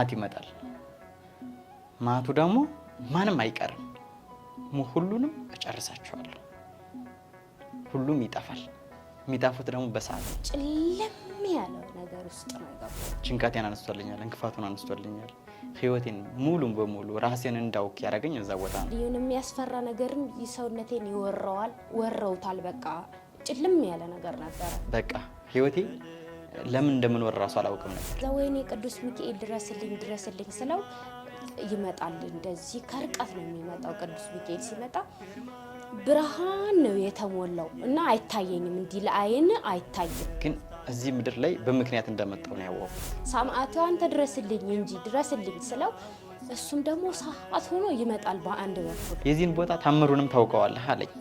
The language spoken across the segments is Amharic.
ማት ይመጣል። ማቱ ደግሞ ማንም አይቀርም፣ ሁሉንም እጨርሳቸዋለሁ። ሁሉም ይጠፋል። የሚጠፉት ደግሞ በሰዓት ጭልም ያለው ነገር ውስጥ ነው ጭንቀቴን አነስቶልኛል፣ እንክፋቱን አነስቶልኛል። ህይወቴን ሙሉ በሙሉ ራሴን እንዳውቅ ያደረገኝ እዛ ቦታ ነው። ይሁን የሚያስፈራ ነገርን ሰውነቴን ይወረዋል፣ ወረውታል። በቃ ጭልም ያለ ነገር ነበረ። በቃ ህይወቴ ለምን እንደምንወር እራሱ አላውቅም ነበር። ወይኔ ቅዱስ ሚካኤል ድረስልኝ ድረስልኝ ስለው ይመጣል። እንደዚህ ከርቀት ነው የሚመጣው። ቅዱስ ሚካኤል ሲመጣ ብርሃን ነው የተሞላው እና አይታየኝም፣ እንዲህ ለአይን አይታይም። ግን እዚህ ምድር ላይ በምክንያት እንደመጣው ነው ያወቁ። ሰማዕቱ አንተ ድረስልኝ እንጂ ድረስልኝ ስለው እሱም ደግሞ ሰዓት ሆኖ ይመጣል። በአንድ በኩል የዚህን ቦታ ታምሩንም ታውቀዋለህ አለኝ።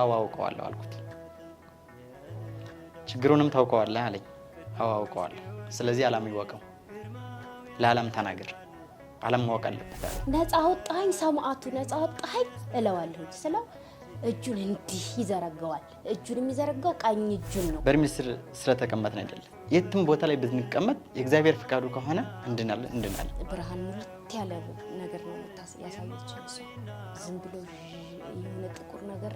አዎ አውቀዋለሁ አልኩት። ችግሩንም ታውቀዋለህ አለኝ። አዋውቀዋለሁ። ስለዚህ ዓለም ይወቀው፣ ለዓለም ተናገር፣ ዓለም ማወቅ አለበት። ነፃ ወጣኝ፣ ሰማዕቱ ነፃ ወጣኝ እለዋለሁ ስለው እጁን እንዲህ ይዘረገዋል። እጁን የሚዘረጋው ቀኝ እጁን ነው። በእድሜ ስር ስለተቀመጥን አይደለም። የትም ቦታ ላይ ብንቀመጥ የእግዚአብሔር ፍቃዱ ከሆነ እንድናለን እንድናለን። ብርሃን ሙልት ያለ ነገር ነው ያሳየችው። ዝም ብሎ የሆነ ጥቁር ነገር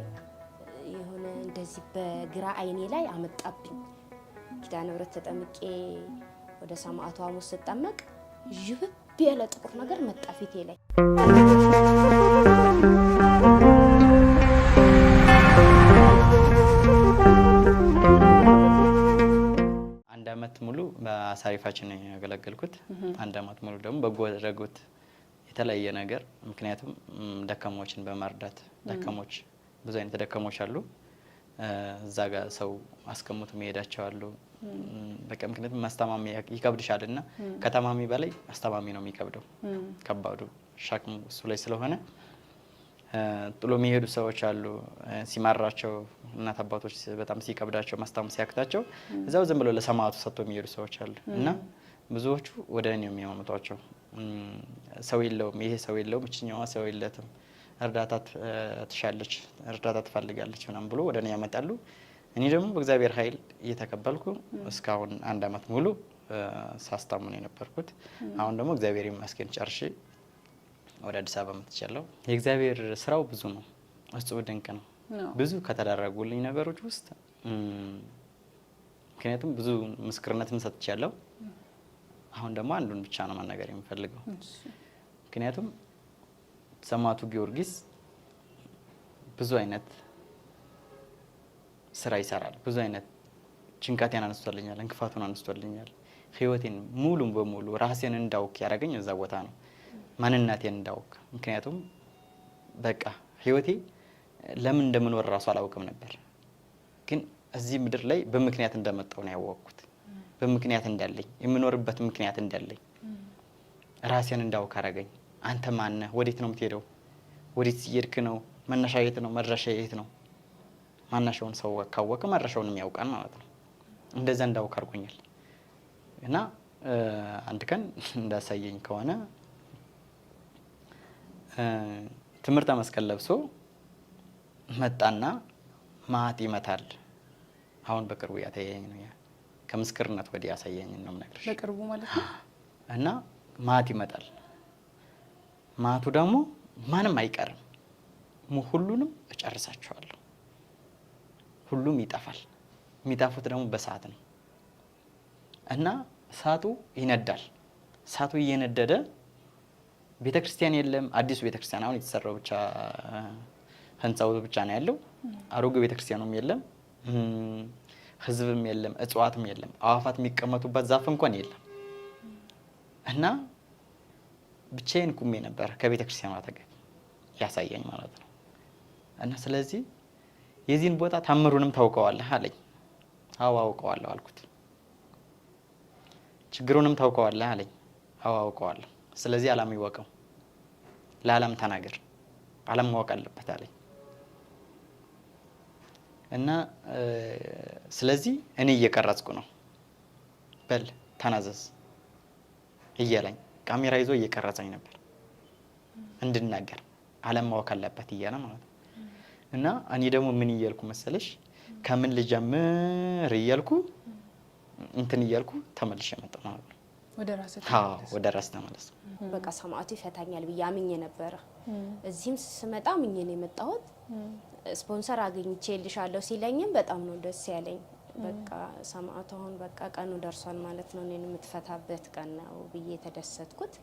የሆነ እንደዚህ በግራ አይኔ ላይ አመጣብኝ። ኪዳነ ምህረት ተጠምቄ ወደ ሰማዕቱ ሐሙስ ስጠመቅ ይብብ ያለ ጥቁር ነገር መጣ ፊቴ ላይ። አንድ አመት ሙሉ በአሳሪፋችን ነው ያገለገልኩት። አንድ አመት ሙሉ ደግሞ በጎ አድራጎት የተለያየ ነገር ምክንያቱም ደከሞችን በመርዳት ደከሞች ብዙ አይነት ደከሞች አሉ እዛ ጋር ሰው አስቀምጡ መሄዳቸው አሉ። በቃ ምክንያቱም ማስተማሚ ይከብድሻል እና ከተማሚ በላይ አስተማሚ ነው የሚከብደው። ከባዱ ሸክሙ እሱ ላይ ስለሆነ ጥሎ የሚሄዱ ሰዎች አሉ። ሲማራቸው እናት አባቶች በጣም ሲከብዳቸው ማስታም ሲያክታቸው እዛው ዝም ብሎ ለሰማዕቱ ሰጥቶ የሚሄዱ ሰዎች አሉ እና ብዙዎቹ ወደ እኔ የሚያመጧቸው ሰው የለውም፣ ይሄ ሰው የለውም፣ እችኛዋ ሰው የለትም እርዳታ ትሻለች፣ እርዳታ ትፈልጋለች ምናምን ብሎ ወደ እኔ ያመጣሉ። እኔ ደግሞ በእግዚአብሔር ኃይል እየተቀበልኩ እስካሁን አንድ አመት ሙሉ ሳስታሙን የነበርኩት አሁን ደግሞ እግዚአብሔር ይመስገን ጨርሼ ወደ አዲስ አበባ መጥቻለሁ። የእግዚአብሔር ስራው ብዙ ነው፣ እጹብ ድንቅ ነው። ብዙ ከተደረጉልኝ ነገሮች ውስጥ ምክንያቱም ብዙ ምስክርነትም ሰጥቻለሁ። አሁን ደግሞ አንዱን ብቻ ነው መናገር የምፈልገው ምክንያቱም ሰማዕቱ ጊዮርጊስ ብዙ አይነት ስራ ይሰራል። ብዙ አይነት ጭንቀቴን አነስቶልኛል፣ እንክፋቱን አነስቶልኛል። ህይወቴን ሙሉም በሙሉ ራሴን እንዳውቅ ያደረገኝ እዛ ቦታ ነው። ማንነቴን እንዳውቅ ምክንያቱም በቃ ህይወቴ ለምን እንደምኖር እራሱ አላውቅም ነበር። ግን እዚህ ምድር ላይ በምክንያት እንደመጣው ነው ያወቅኩት። በምክንያት እንዳለኝ የምኖርበት ምክንያት እንዳለኝ ራሴን እንዳውቅ አደረገኝ። አንተ ማነህ? ወዴት ነው የምትሄደው? ወዴት እየሄድክ ነው? መነሻ የት ነው? መድረሻ የት ነው? ማነሻውን ሰው ካወቀ መድረሻውንም ያውቃል ማለት ነው። እንደዛ እንዳውቅ አድርጎኛል። እና አንድ ቀን እንዳሳየኝ ከሆነ ትምህርተ መስቀል ለብሶ መጣና ማት ይመታል። አሁን በቅርቡ ያተያየኝ ነው ከምስክርነት ወዲህ ያሳየኝ ነው የምነግርሽ። በቅርቡ ማለት ነው እና ማት ይመጣል ማቱ ደግሞ ማንም አይቀርም፣ ሁሉንም እጨርሳቸዋለሁ። ሁሉም ይጠፋል። የሚጠፉት ደግሞ በሰዓት ነው እና እሳቱ ይነዳል። እሳቱ እየነደደ ቤተ ክርስቲያን የለም። አዲሱ ቤተ ክርስቲያን አሁን የተሰራው ብቻ ህንፃው ብቻ ነው ያለው። አሮጌ ቤተ ክርስቲያኑም የለም፣ ህዝብም የለም፣ እጽዋትም የለም፣ አዋፋት የሚቀመጡበት ዛፍ እንኳን የለም እና ብቻዬን ቁሜ ነበር ከቤተ ክርስቲያኗ አጠገብ ያሳየኝ ማለት ነው። እና ስለዚህ የዚህን ቦታ ታምሩንም ታውቀዋለህ አለኝ። አዎ አውቀዋለሁ አልኩት። ችግሩንም ታውቀዋለህ አለኝ። አዎ አውቀዋለሁ። ስለዚህ ዓለም ይወቀው፣ ለዓለም ተናገር፣ ዓለም ማወቅ አለበት አለኝ እና ስለዚህ እኔ እየቀረጽኩ ነው፣ በል ተናዘዝ እያለኝ ካሜራ ይዞ እየቀረጸኝ ነበር እንድናገር ዓለም ማወቅ አለበት እያለ ማለት ነው። እና እኔ ደግሞ ምን እያልኩ መሰለሽ ከምን ልጀምር እያልኩ እንትን እያልኩ ተመልሼ መጣሁ ማለት ነው። ወደ ራስ ተመለስ። በቃ ሰማዕቱ ይፈታኛል ብዬ አምኜ ነበረ። እዚህም ስመጣ አምኜ ነው የመጣሁት። ስፖንሰር ልሻለሁ ሲለኝም በጣም ነው ደስ ያለኝ። በቃ ሰማዕቱ አሁን በቃ ቀኑ ደርሷል ማለት ነው፣ እኔን የምትፈታበት ቀን ነው ብዬ የተደሰትኩት።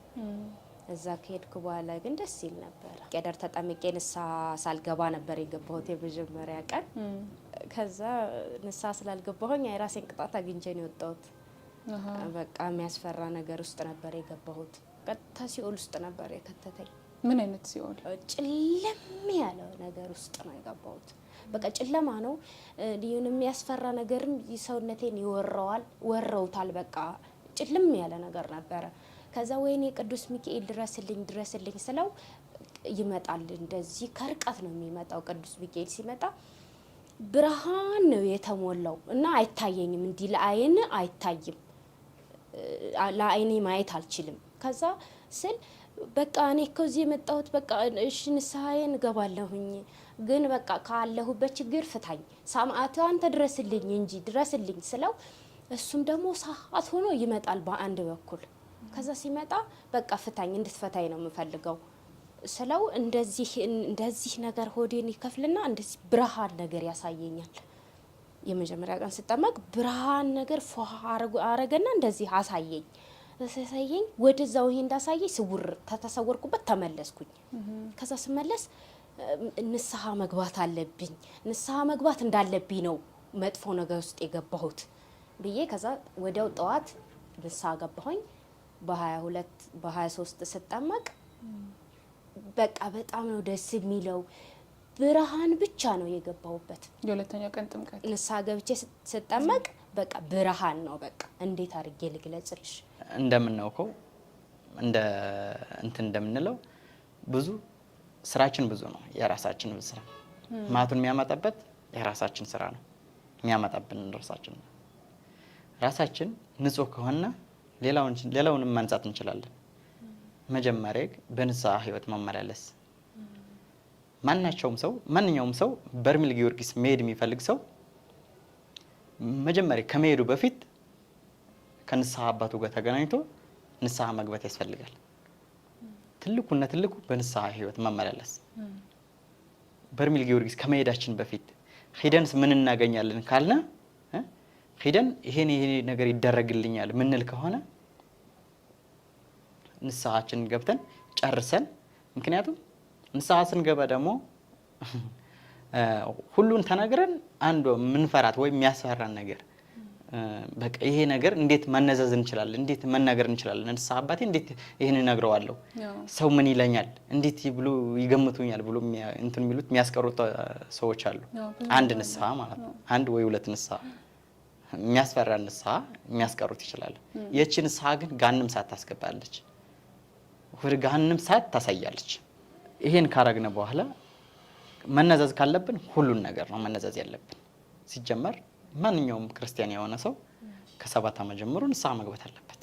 እዛ ከሄድኩ በኋላ ግን ደስ ይል ነበር። ቄደር ተጠምቄ ንሳ ሳልገባ ነበር የገባሁት የመጀመሪያ ቀን። ከዛ ንሳ ስላልገባሁኝ የራሴን ቅጣት አግኝቼ ነው የወጣሁት። በቃ የሚያስፈራ ነገር ውስጥ ነበር የገባሁት። ቀጥታ ሲኦል ውስጥ ነበር የከተተኝ። ምን አይነት ሲሆን ጭልም ያለ ነገር ውስጥ ነው የገባሁት። በቃ ጨለማ ነው። የሚያስፈራ ነገርም ሰውነቴን ይወረዋል ወረውታል። በቃ ጭልም ያለ ነገር ነበረ። ከዛ ወይኔ ቅዱስ ሚካኤል ድረስልኝ ድረስልኝ ስለው ይመጣል። እንደዚህ ከርቀት ነው የሚመጣው። ቅዱስ ሚካኤል ሲመጣ ብርሃን ነው የተሞላው እና አይታየኝም። እንዲህ ለአይን አይታይም፣ ለአይኔ ማየት አልችልም። ከዛ ስል በቃ እኔ እኮ እዚህ የመጣሁት በቃ እሺ ንስሐዬን እገባለሁኝ፣ ግን በቃ ካለሁበት ችግር ፍታኝ፣ ሰማዕቱ አንተ ድረስልኝ እንጂ ድረስልኝ ስለው እሱም ደግሞ ሰዓት ሆኖ ይመጣል በአንድ በኩል። ከዛ ሲመጣ በቃ ፍታኝ፣ እንድትፈታኝ ነው የምፈልገው ስለው እንደዚህ እንደዚህ ነገር ሆዴን ይከፍልና እንደዚህ ብርሃን ነገር ያሳየኛል። የመጀመሪያ ቀን ስጠመቅ ብርሃን ነገር ፎሃ አረገና እንደዚህ አሳየኝ። በሳሳየኝ ወደዛው ይሄ እንዳሳየኝ ስውር ተተሰወርኩበት ተመለስኩኝ። ከዛ ስመለስ ንስሐ መግባት አለብኝ ንስሐ መግባት እንዳለብኝ ነው መጥፎ ነገር ውስጥ የገባሁት ብዬ ከዛ ወዲያው ጠዋት ንስሐ ገባሁኝ። በ22 በ23 ስጠመቅ በቃ በጣም ነው ደስ የሚለው ብርሃን ብቻ ነው የገባሁበት። የሁለተኛው ቀን ጥምቀት ንስሐ ገብቼ ስጠመቅ በቃ ብርሃን ነው። በቃ እንዴት አድርጌ ልግለጽልሽ? እንደምናውቀው እንደ እንትን እንደምንለው ብዙ ስራችን ብዙ ነው። የራሳችን ስራ ማቱን የሚያመጣበት የራሳችን ስራ ነው የሚያመጣብን ራሳችን ራሳችን ንጹህ ከሆነ ሌላውንም ማንጻት እንችላለን። መጀመሪያ በንስሐ ህይወት መመላለስ ማናቸውም ሰው ማንኛውም ሰው በርሜል ጊዮርጊስ መሄድ የሚፈልግ ሰው መጀመሪያ ከመሄዱ በፊት ከንስሐ አባቱ ጋር ተገናኝቶ ንስሐ መግባት ያስፈልጋል። ትልቁና ትልቁ በንስሐ ህይወት መመላለስ። በርሜል ጊዮርጊስ ከመሄዳችን በፊት ሂደንስ ምን እናገኛለን ካልነ ሂደን ይሄን ይሄ ነገር ይደረግልኛል ምንል ከሆነ ንስሐችን ገብተን ጨርሰን ምክንያቱም ንስሐ ስንገባ ደግሞ ሁሉን ተነግረን አንዱ ምንፈራት ወይም የሚያስፈራን ነገር በቃ ይሄ ነገር እንዴት መነዘዝ እንችላለን? እንዴት መናገር እንችላለን? እንስሳ አባቴ እንዴት ይህን እነግረዋለሁ? ሰው ምን ይለኛል? እንዴት ብሎ ይገምቱኛል? ብሎ እንትን የሚሉት የሚያስቀሩት ሰዎች አሉ። አንድ ንስሐ ማለት ነው። አንድ ወይ ሁለት ንስሐ የሚያስፈራ ንስሐ የሚያስቀሩት ይችላል። የቺ ንስሐ ግን ጋንም ሰዓት ታስገባለች፣ ወደ ጋንም ሰዓት ታሳያለች። ይሄን ካረግነ በኋላ መነዘዝ ካለብን ሁሉን ነገር ነው መነዘዝ ያለብን ሲጀመር ማንኛውም ክርስቲያን የሆነ ሰው ከሰባት ዓመት ጀምሮ ንስሐ መግባት አለበት፣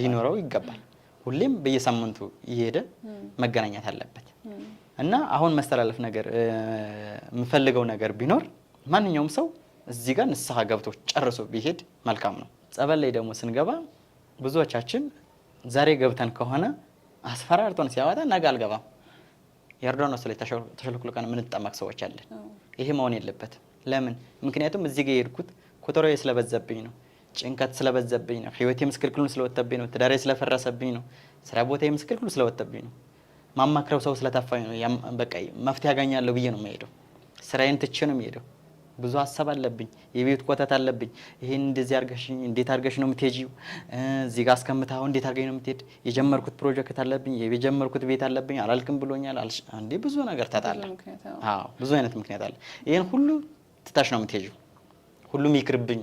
ሊኖረው ይገባል። ሁሌም በየሳምንቱ እየሄደ መገናኘት አለበት እና አሁን መስተላለፍ ነገር የምፈልገው ነገር ቢኖር ማንኛውም ሰው እዚህ ጋር ንስሐ ገብቶ ጨርሶ ቢሄድ መልካም ነው። ጸበል ላይ ደግሞ ስንገባ ብዙዎቻችን ዛሬ ገብተን ከሆነ አስፈራርቶን ሲያወጣ ነገ አልገባም፣ ዮርዳኖስ ላይ ተሸልኩልቀን የምንጠመቅ ሰዎች አለን። ይሄ መሆን የለበትም። ለምን? ምክንያቱም እዚህ ጋር የሄድኩት ኮተሮዬ ስለበዛብኝ ነው፣ ጭንቀት ስለበዛብኝ ነው፣ ህይወቴ ምስክልክሉን ስለወጣብኝ ነው፣ ትዳሬ ስለፈረሰብኝ ነው፣ ስራ ቦታዬ ምስክልክሉ ስለወጣብኝ ነው፣ ማማክረው ሰው ስለታፋኝ ነው። በቃ መፍትሄ ያገኛለሁ ብዬ ነው የምሄደው። ስራዬን ትቼ ነው የምሄደው። ብዙ ሀሳብ አለብኝ፣ የቤት ቆተት አለብኝ። ይህን እንደዚህ አርገሽኝ እንዴት አርገሽ ነው የምትሄጂው? እዚህ ጋር እስከምታው እንዴት አርገኝ ነው የምትሄድ? የጀመርኩት ፕሮጀክት አለብኝ፣ የጀመርኩት ቤት አለብኝ፣ አላልክም ብሎኛል። አንዴ ብዙ ነገር ታጣለ። ብዙ አይነት ምክንያት አለ። ይህን ሁሉ ትተሽ ነው የምትሄጂው። ሁሉም ይቅርብኝ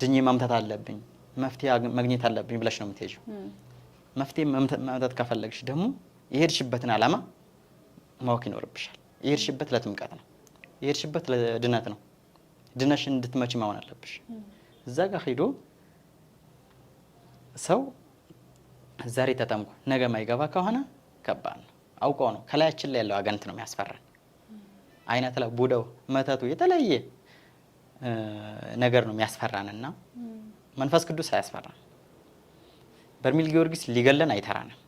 ድኜ መምታት አለብኝ መፍትሄ ማግኘት አለብኝ ብለሽ ነው የምትሄጂው። መፍትሄ መምታት ከፈለግሽ ደግሞ የሄድሽበትን ዓላማ ማወቅ ይኖርብሻል። የሄድሽበት ለጥምቀት ነው፣ የሄድሽበት ለድነት ነው። ድነሽ እንድትመጪ መሆን አለብሽ። እዛ ጋር ሄዶ ሰው ዛሬ ተጠምቆ ነገ ማይገባ ከሆነ ከባድ ነው። አውቀው ነው ከላያችን ላይ ያለው አጋንንት ነው የሚያስፈራን። አይነት ቡደው መተቱ የተለየ ነገር ነው የሚያስፈራን መንፈስ ቅዱስ አያስፈራን። በርሜል ጊዮርጊስ ሊገለን አይተራንም፣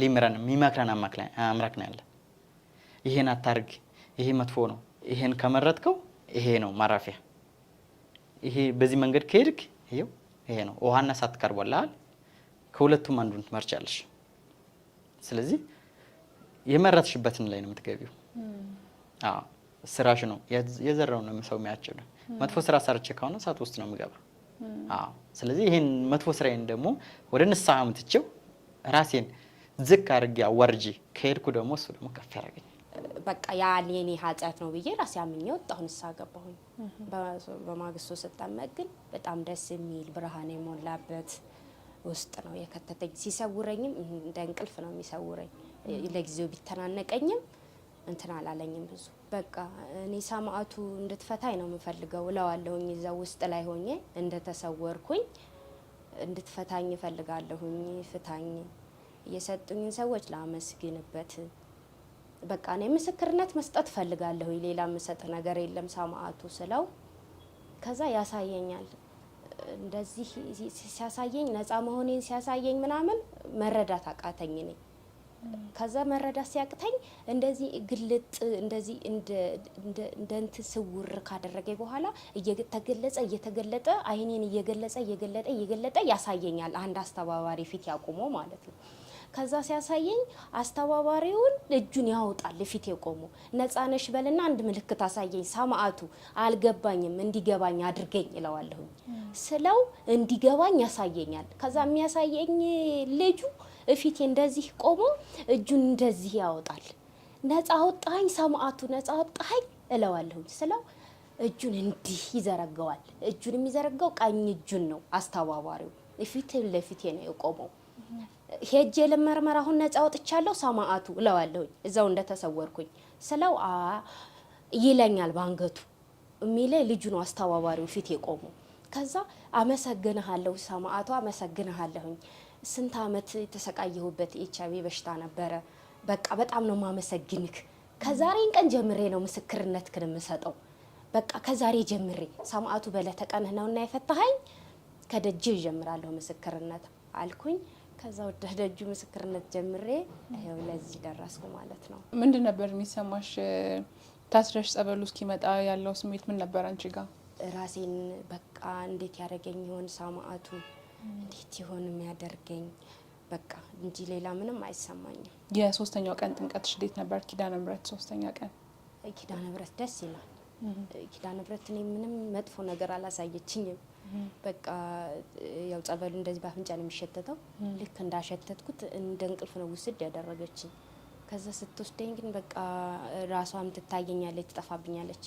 ሊምረን የሚመክረን አምላክ ነው ያለ። ይሄን አታርግ፣ ይሄ መጥፎ ነው፣ ይሄን ከመረጥከው ይሄ ነው ማረፊያ፣ ይሄ በዚህ መንገድ ከሄድክ ይኸው ይሄ ነው ውሃና እሳት ቀርቦልሃል። ከሁለቱም አንዱን ትመርጫለሽ። ስለዚህ የመረጥሽበትን ላይ ነው የምትገቢው። ስራሽ ነው የዘራው ነው ሰው የሚያጭድ መጥፎ ስራ ሰርቼ ከሆነ እሳት ውስጥ ነው የምገባ። ስለዚህ ይህን መጥፎ ስራዬን ደግሞ ወደ ንስሐ ምትቼው ራሴን ዝቅ አድርጌ አዋርጄ ከሄድኩ ደግሞ እሱ ደግሞ ከፍ ያደርገኝ። በቃ ያ የኔ ኃጢአት ነው ብዬ ራሴ አምኜ ወጣሁ፣ ንስሐ ገባሁኝ። በማግስቱ ስጠመቅ ግን በጣም ደስ የሚል ብርሃን የሞላበት ውስጥ ነው የከተተኝ። ሲሰውረኝም እንደ እንቅልፍ ነው የሚሰውረኝ። ለጊዜው ቢተናነቀኝም እንትን አላለኝም። ብዙ በቃ እኔ ሰማዕቱ እንድትፈታኝ ነው የምፈልገው እለዋለሁኝ። እዛው ውስጥ ላይ ሆኜ እንደተሰወርኩኝ እንድትፈታኝ እፈልጋለሁኝ፣ ፍታኝ፣ የሰጡኝን ሰዎች ላመስግንበት። በቃ እኔ ምስክርነት መስጠት እፈልጋለሁኝ፣ ሌላ የምሰጥ ነገር የለም ሰማዕቱ ስለው ከዛ ያሳየኛል እንደዚህ ሲያሳየኝ ነፃ መሆኔን ሲያሳየኝ ምናምን መረዳት አቃተኝ ነኝ ከዛ መረዳት ሲያቅተኝ እንደዚህ ግልጥ እንደዚህ እንደንት ስውር ካደረገ በኋላ እየተገለጸ እየተገለጠ አይኔን እየገለጸ እየገለጠ እየገለጠ ያሳየኛል። አንድ አስተባባሪ ፊት ያቆመ ማለት ነው። ከዛ ሲያሳየኝ አስተባባሪውን እጁን ያወጣል። ፊት የቆሙ ነጻነሽ በልና አንድ ምልክት አሳየኝ። ሰማዕቱ አልገባኝም እንዲገባኝ አድርገኝ ይለዋለሁኝ ስለው እንዲገባኝ ያሳየኛል። ከዛ የሚያሳየኝ ልጁ እፊቴ እንደዚህ ቆሞ እጁን እንደዚህ ያወጣል። ነፃ ወጣኝ፣ ሰማዕቱ፣ ነፃ ወጣኝ እለዋለሁኝ ስለው እጁን እንዲህ ይዘረገዋል። እጁን የሚዘረጋው ቀኝ እጁን ነው። አስተባባሪው ፊት ለፊቴ ነው የቆመው። ሄጄ ልመርመር፣ አሁን ነፃ ወጥቻለሁ ሰማዕቱ እለዋለሁኝ እዛው እንደተሰወርኩኝ ስለው ይለኛል ባንገቱ የሚለ ልጁ ነው አስተባባሪው ፊት የቆመው። ከዛ አመሰግንሃለሁ ሰማዕቱ አመሰግንሃለሁኝ ስንት ዓመት የተሰቃየሁበት ኤች አይቪ በሽታ ነበረ። በቃ በጣም ነው ማመሰግንክ። ከዛሬን ቀን ጀምሬ ነው ምስክርነት ክን የምሰጠው። በቃ ከዛሬ ጀምሬ ሰማዕቱ በዕለተ ቀንህ ነውና የፈታኸኝ ከደጅ ይጀምራለሁ ምስክርነት አልኩኝ። ከዛ ወደ ደጁ ምስክርነት ጀምሬ ይኸው ለዚህ ደረስኩ ማለት ነው። ምንድን ነበር የሚሰማሽ? ታስረሽ ጸበሉ እስኪመጣ ያለው ስሜት ምን ነበር አንቺ ጋር? ራሴን በቃ እንዴት ያደረገኝ ይሆን ሰማዕቱ እንዴት ይሆን የሚያደርገኝ በቃ እንጂ ሌላ ምንም አይሰማኝም። የሶስተኛው ቀን ጥምቀትሽ እንዴት ነበር? ኪዳነ ምሕረት ሶስተኛ ቀን ኪዳነ ምሕረት ደስ ይላል። ኪዳነ ምሕረት እኔ ምንም መጥፎ ነገር አላሳየችኝም። በቃ ያው ጸበሉ እንደዚህ በአፍንጫ ነው የሚሸተተው። ልክ እንዳሸተትኩት እንደ እንቅልፍ ነው ውስድ ያደረገችኝ። ከዛ ስትወስደኝ ግን በቃ ራሷም ትታየኛለች፣ ትጠፋብኛለች፣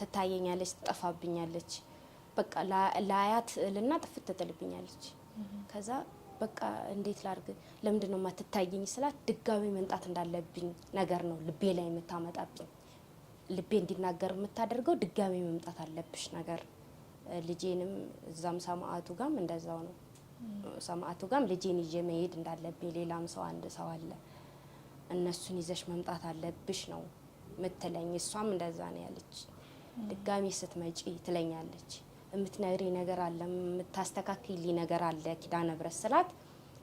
ትታየኛለች፣ ትጠፋብኛለች በቃ ለአያት ልና ጥፍት ትጥልብኛለች። ከዛ በቃ እንዴት ላርግ ለምንድን ነው የማትታየኝ ስላት ድጋሚ መምጣት እንዳለብኝ ነገር ነው ልቤ ላይ የምታመጣብኝ። ልቤ እንዲናገር የምታደርገው ድጋሚ መምጣት አለብሽ ነገር ልጄንም እዛም ሰማዕቱ ጋም እንደዛው ነው። ሰማዕቱ ጋም ልጄን ይዤ መሄድ እንዳለብኝ ሌላም ሰው አንድ ሰው አለ እነሱን ይዘሽ መምጣት አለብሽ ነው ምትለኝ። እሷም እንደዛ ነው ያለች። ድጋሚ ስትመጪ ትለኛለች። የምትነግሪ ነገር አለ፣ የምታስተካክል ነገር አለ ኪዳነ ብረት ስላት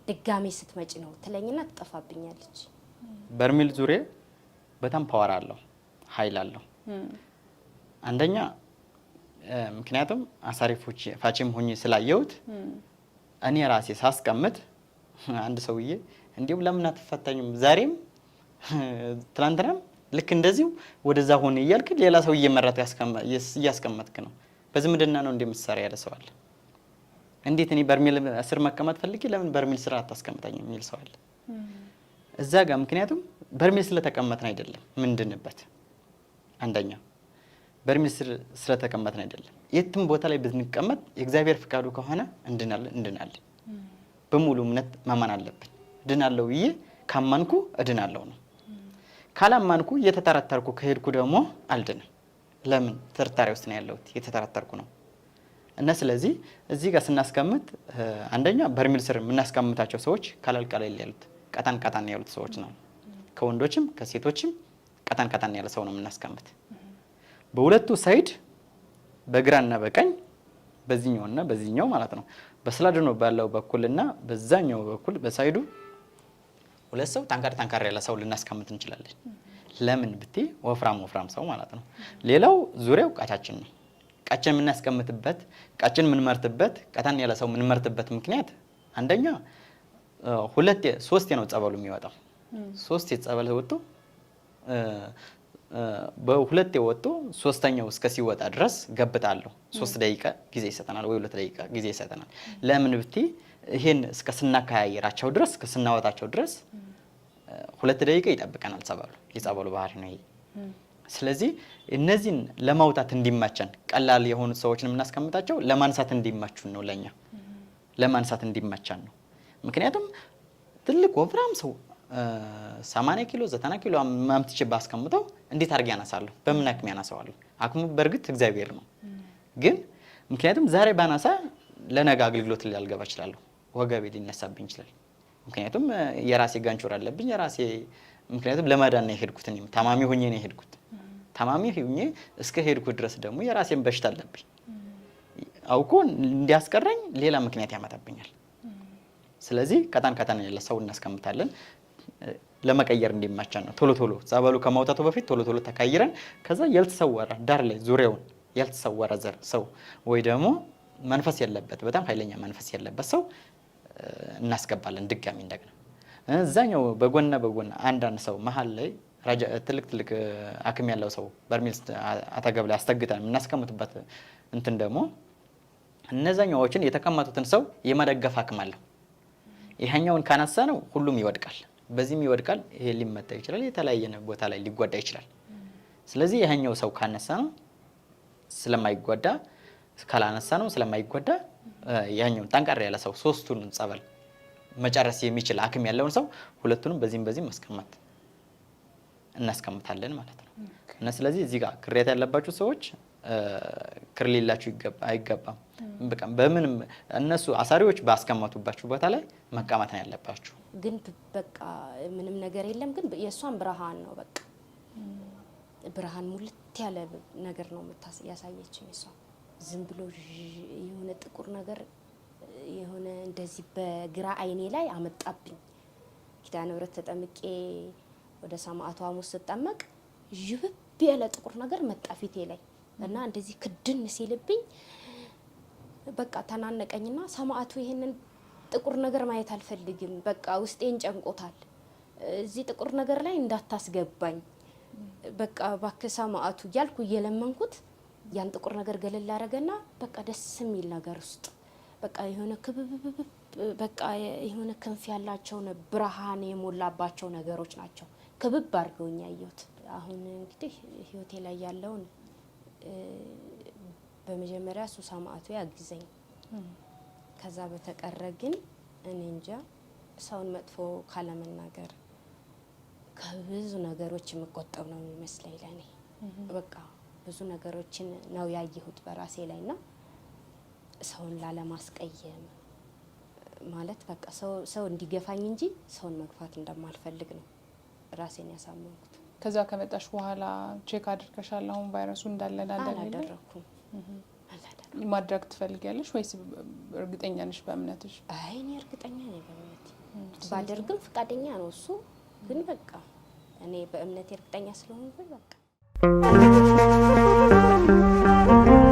ድጋሜ ስትመጪ ነው ትለኝና ትጠፋብኛለች። በርሜል ዙሪያ በጣም ፓወር አለው፣ ሀይል አለው። አንደኛ ምክንያቱም አሳሪ ፋቼም ሆኜ ስላየሁት እኔ ራሴ ሳስቀምጥ አንድ ሰውዬ እንዲሁም ለምን አትፈታኝም? ዛሬም ትላንትናም ልክ እንደዚሁ ወደዛ ሆነ እያልክ ሌላ ሰው እያስቀመጥክ ነው። በዝምድና ነው እንደምትሰራ ያለ ሰው አለ። እንዴት እኔ በርሜል ስር መቀመጥ ፈልጌ ለምን በርሜል ስራ አታስቀምጠኝ የሚል ሰው አለ እዛ ጋር። ምክንያቱም በርሜል ስለተቀመጥን አይደለም ምንድንበት፣ አንደኛ በርሜል ስር ስለተቀመጥን አይደለም። የትም ቦታ ላይ ብንቀመጥ የእግዚአብሔር ፍቃዱ ከሆነ እንድናለን እንድናለን በሙሉ እምነት ማመን አለብን። እድናለሁ ብዬ ካመንኩ እድናለሁ ነው። ካላመንኩ እየተጠራጠርኩ ከሄድኩ ደግሞ አልድንም። ለምን ጥርጣሬ ውስጥ ነው ያለሁት የተጠራጠርኩ ነው እና ስለዚህ እዚህ ጋር ስናስቀምጥ አንደኛ በርሚል ስር የምናስቀምጣቸው ሰዎች ቀለል ቀለል ያሉት ቀጠን ቀጠን ያሉት ሰዎች ነው። ከወንዶችም ከሴቶችም ቀጠን ቀጠን ያለ ሰው ነው የምናስቀምጥ። በሁለቱ ሳይድ በግራና በቀኝ በዚህኛውና በዚህኛው ማለት ነው በስላድኖ ባለው እና በዛኛው በኩል በሳይዱ ሁለት ሰው ጠንካር ጠንካራ ያለ ሰው ልናስቀምጥ እንችላለን። ለምን ብትይ ወፍራም ወፍራም ሰው ማለት ነው። ሌላው ዙሪያው ቀቻችን ነው። ዕቃችን የምናስቀምጥበት ዕቃችን የምንመርትበት ቀጠን ያለ ሰው የምንመርትበት ምክንያት አንደኛ ሁለት ሶስቴ ነው ጸበሉ የሚወጣው። ሶስቴ ጸበል ወጥቶ በሁለቴ ወጥቶ ሶስተኛው እስከ ሲወጣ ድረስ ገብታለሁ። ሶስት ደቂቃ ጊዜ ይሰጠናል ወይ ሁለት ደቂቃ ጊዜ ይሰጠናል። ለምን ብትይ ይሄን እስከ ስናካያየራቸው ድረስ እስከ ስናወጣቸው ድረስ ሁለት ደቂቃ ይጠብቀናል ጸበሉ። የጸበሉ ባህሪ ነው ይሄ። ስለዚህ እነዚህን ለማውጣት እንዲመቸን ቀላል የሆኑ ሰዎችን የምናስቀምጣቸው ለማንሳት እንዲመቹን ነው፣ ለእኛ ለማንሳት እንዲመቸን ነው። ምክንያቱም ትልቅ ወፍራም ሰው 80 ኪሎ 90 ኪሎ ማምትቼ ባስቀምጠው እንዴት አድርጌ ያነሳለሁ? በምን አቅም ያነሳዋለሁ? አቅሙ በእርግጥ እግዚአብሔር ነው። ግን ምክንያቱም ዛሬ ባነሳ ለነገ አገልግሎት ላልገባ እችላለሁ። ወገቤ ሊነሳብኝ ይችላል። ምክንያቱም የራሴ ጋንቹር አለብኝ የራሴ ምክንያቱም ለማዳን ነው የሄድኩት። እኔም ታማሚ ሆኜ ነው የሄድኩት። ታማሚ ሆኜ እስከ ሄድኩት ድረስ ደግሞ የራሴን በሽታ አለብኝ። አውቆ እንዲያስቀረኝ ሌላ ምክንያት ያመጣብኛል። ስለዚህ ከጣን ከጣን ያለ ሰው እናስቀምጣለን ለመቀየር እንዲማቻን ነው። ቶሎ ቶሎ ጸበሉ ከማውጣቱ በፊት ቶሎ ቶሎ ተቀይረን ከዛ ያልተሰወረ ዳር ላይ ዙሪያውን ያልተሰወረ ዘር ሰው ወይ ደግሞ መንፈስ ያለበት በጣም ኃይለኛ መንፈስ ያለበት ሰው እናስገባለን ድጋሚ እንደገና እዛኛው በጎና በጎን አንዳንድ ሰው መሀል ላይ ትልቅ ትልቅ አክም ያለው ሰው በርሜል አጠገብ ላይ አስተግተን የምናስቀምጥበት እንትን ደግሞ እነዛኛዎችን የተቀመጡትን ሰው የመደገፍ አክም አለው። ይሄኛውን ካነሳ ነው ሁሉም ይወድቃል፣ በዚህም ይወድቃል። ይሄ ሊመታ ይችላል፣ የተለያየ ቦታ ላይ ሊጎዳ ይችላል። ስለዚህ ይሄኛው ሰው ካነሳ ነው ስለማይጎዳ፣ ካላነሳ ነው ስለማይጎዳ ያኛውን ጠንቀር ያለ ሰው ሶስቱን ጸበል መጨረስ የሚችል አክም ያለውን ሰው ሁለቱንም በዚህም በዚህም ማስቀመጥ እናስቀምጣለን ማለት ነው። እና ስለዚህ እዚህ ጋር ክሬት ያለባችሁ ሰዎች ክር ሌላችሁ አይገባም። በቃ በምንም እነሱ አሳሪዎች ባስቀመጡባችሁ ቦታ ላይ መቀመጥ ነው ያለባችሁ። ግን በቃ ምንም ነገር የለም። ግን የእሷን ብርሃን ነው በቃ ብርሃን ሙልት ያለ ነገር ነው ያሳየችኝ እሷ ዝም ብሎ የሆነ ጥቁር ነገር የሆነ እንደዚህ በግራ አይኔ ላይ አመጣብኝ። ኪዳነ ምሕረት ተጠምቄ ወደ ሰማዕቱ ሐሙስ ስጠመቅ ዥብብ ያለ ጥቁር ነገር መጣ ፊቴ ላይ እና እንደዚህ ክድን ሲልብኝ በቃ ተናነቀኝና ሰማዕቱ ይሄንን ጥቁር ነገር ማየት አልፈልግም፣ በቃ ውስጤን ጨንቆታል። እዚህ ጥቁር ነገር ላይ እንዳታስገባኝ በቃ እባክህ ሰማዕቱ እያልኩ እየለመንኩት ያን ጥቁር ነገር ገለል ያደረገና በቃ ደስ የሚል ነገር ውስጥ በቃ የሆነ ክብብብብ በቃ የሆነ ክንፍ ያላቸው ብርሃን የሞላባቸው ነገሮች ናቸው። ክብብ አድርገውኝ ያየሁት። አሁን እንግዲህ ህይወቴ ላይ ያለውን በመጀመሪያ ሱሳ ሰማዕቱ ያግዘኝ። ከዛ በተቀረ ግን እኔ እንጃ ሰውን መጥፎ ካለመናገር ከብዙ ነገሮች የምቆጠብ ነው የሚመስለኝ ለእኔ በቃ ብዙ ነገሮችን ነው ያየሁት በራሴ ላይ እና ሰውን ላለማስቀየም ማለት በቃ ሰው እንዲገፋኝ እንጂ ሰውን መግፋት እንደማልፈልግ ነው ራሴን ያሳመንኩት። ከዛ ከመጣሽ በኋላ ቼክ አድርገሻል? አሁን ቫይረሱ እንዳለ እንዳለ አላደረኩም። ማድረግ ትፈልጊያለሽ ወይስ እርግጠኛ ነሽ በእምነትሽ? አይ እኔ እርግጠኛ ነኝ በእምነት ባደርግም ፈቃደኛ ነው እሱ። ግን በቃ እኔ በእምነቴ እርግጠኛ ስለሆንኩኝ በቃ Thank you.